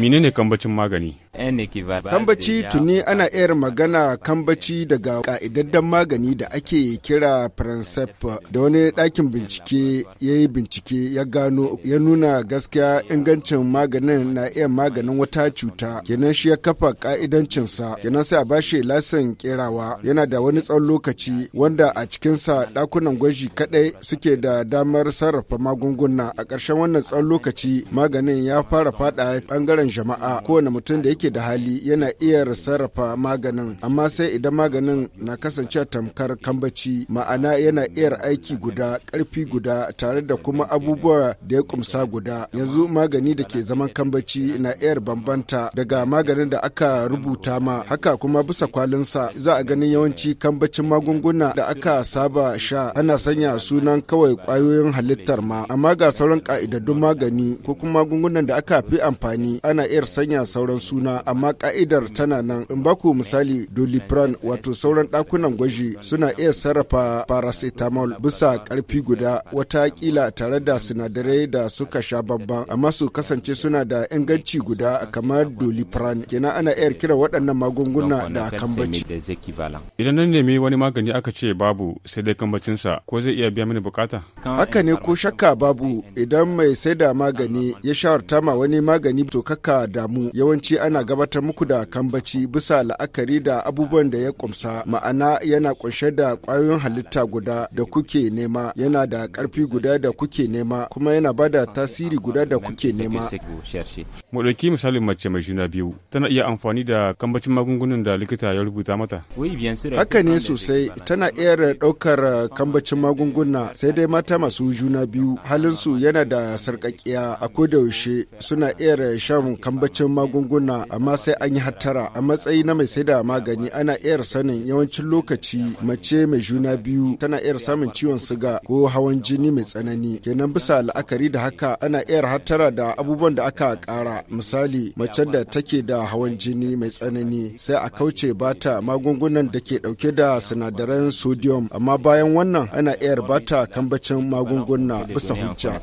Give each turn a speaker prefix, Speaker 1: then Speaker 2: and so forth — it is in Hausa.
Speaker 1: menene kambacin magani Tambaci tuni
Speaker 2: ana iya magana kambaci daga ka'idaddan magani da ake kira Pransep da wani dakin bincike ya yi bincike ya gano ya nuna gaskiya ingancin maganin na iya maganin wata cuta kenan shi ya kafa ka'idancinsa kenan sai a bashi lasin kerawa yana da wani tsawon lokaci wanda a cikinsa ɗakunan gwaji kaɗai suke da damar sarrafa magunguna a ƙarshen wannan tsawon lokaci maganin ya fara faɗa ɓangaren jama'a kowane mutum da yake da hali yana iya sarrafa maganin amma sai idan maganin na kasancewa tamkar kambaci ma'ana yana iya aiki guda karfi guda tare da kuma abubuwa da ya kumsa guda yanzu magani da ke zaman kambaci na iya bambanta daga maganin da aka rubuta ma haka kuma bisa kwalinsa za a ganin yawanci kambacin magunguna da aka saba sha ana sanya sunan kawai kwayoyin halittar ma amma ga sauran ka'idaddun magani ko kuma magungunan da aka fi amfani ana iya sanya sauran suna amma ka'idar tana nan in baku misali dolipran wato sauran dakunan gwaji suna iya sarrafa paracetamol bisa karfi guda wata kila tare da sinadarai da suka sha bambam amma su kasance suna da inganci guda kamar dolipran kenan ana iya kira waɗannan magunguna da kambaci.
Speaker 1: Idan nan nemi wani magani aka ce babu sai dai kambacinsa ko zai iya biya mini bukata?
Speaker 2: Haka ne ko shakka babu idan mai sai da magani ya shawarta ma wani magani to kakka damu yawanci ana muna gabatar muku da kambaci bisa la'akari da abubuwan da ya kumsa ma'ana yana kunshe da kwayoyin halitta guda da kuke nema yana da karfi guda da kuke nema kuma yana bada tasiri guda da kuke nema
Speaker 1: mu ɗauki misalin mace mai juna biyu tana iya amfani da kambacin magungunan da likita ya rubuta mata
Speaker 2: haka ne sosai tana iya daukar kambacin magunguna sai dai mata masu juna biyu halinsu yana da sarkakiya a kodayaushe suna iya shan kambacin magunguna amma sai an yi hattara a matsayi na mai sai da magani ana iya sanin yawancin lokaci mace mai juna biyu tana iya samun ciwon siga ko hawan jini mai tsanani kenan bisa la'akari da haka ana iya hattara da abubuwan da aka kara misali mace da take da hawan jini mai tsanani sai a kauce bata magungunan da ke dauke da sinadaran sodium amma bayan wannan ana iya bata kambacin magunguna bisa hujja.